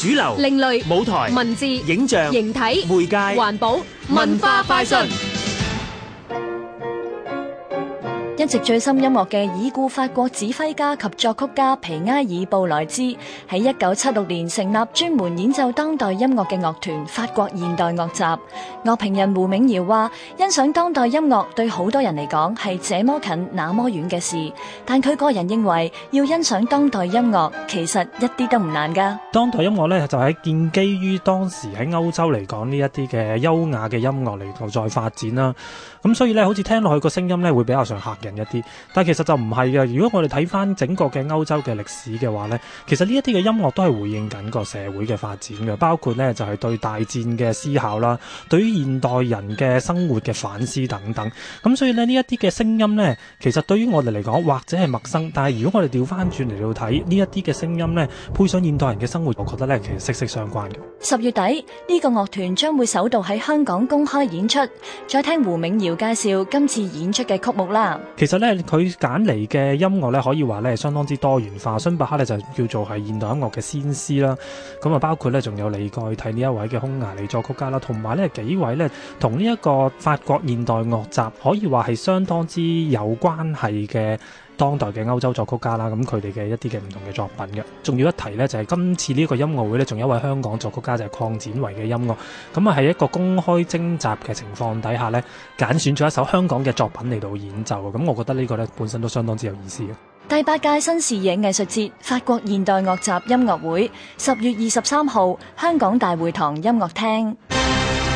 主流、另類、舞台、文字、影像、形體、媒介、環保、文化快訊。一直最深音樂嘅已故法國指揮家及作曲家皮埃爾·布萊茲喺一九七六年成立專門演奏當代音樂嘅樂團法國現代樂集。樂評人胡銘堯話：欣賞當代音樂對好多人嚟講係這麼近那麼遠嘅事，但佢個人認為要欣賞當代音樂其實一啲都唔難噶。當代音樂咧就喺建基於當時喺歐洲嚟講呢一啲嘅優雅嘅音樂嚟到再發展啦。咁所以咧，好似聽落去個聲音咧會比較上客嘅。一啲，但係其實就唔係嘅。如果我哋睇翻整個嘅歐洲嘅歷史嘅話呢，其實呢一啲嘅音樂都係回應緊個社會嘅發展嘅，包括呢就係對大戰嘅思考啦，對於現代人嘅生活嘅反思等等。咁所以呢，呢一啲嘅聲音呢，其實對於我哋嚟講，或者係陌生，但係如果我哋調翻轉嚟到睇呢一啲嘅聲音呢，配上現代人嘅生活，我覺得咧其實息息相關嘅。十月底，呢個樂團將會首度喺香港公開演出，再聽胡銘堯介紹今次演出嘅曲目啦。其實咧，佢揀嚟嘅音樂咧，可以話咧相當之多元化。孫伯克咧就叫做係現代音樂嘅先師啦，咁啊包括咧仲有李蓋蒂呢一位嘅匈牙利作曲家啦，同埋呢幾位咧同呢一個法國現代樂集可以話係相當之有關係嘅。當代嘅歐洲作曲家啦，咁佢哋嘅一啲嘅唔同嘅作品嘅，仲要一提呢、就是，就係今次呢個音樂會呢，仲有一位香港作曲家就係鄺展維嘅音樂，咁啊喺一個公開徵集嘅情況底下呢，揀選咗一首香港嘅作品嚟到演奏。咁我覺得呢個呢，本身都相當之有意思嘅。第八屆新視野藝術節法國現代樂集音樂會，十月二十三號香港大會堂音樂廳。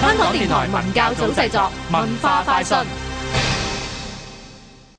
香港電台文教組製作，文化快訊。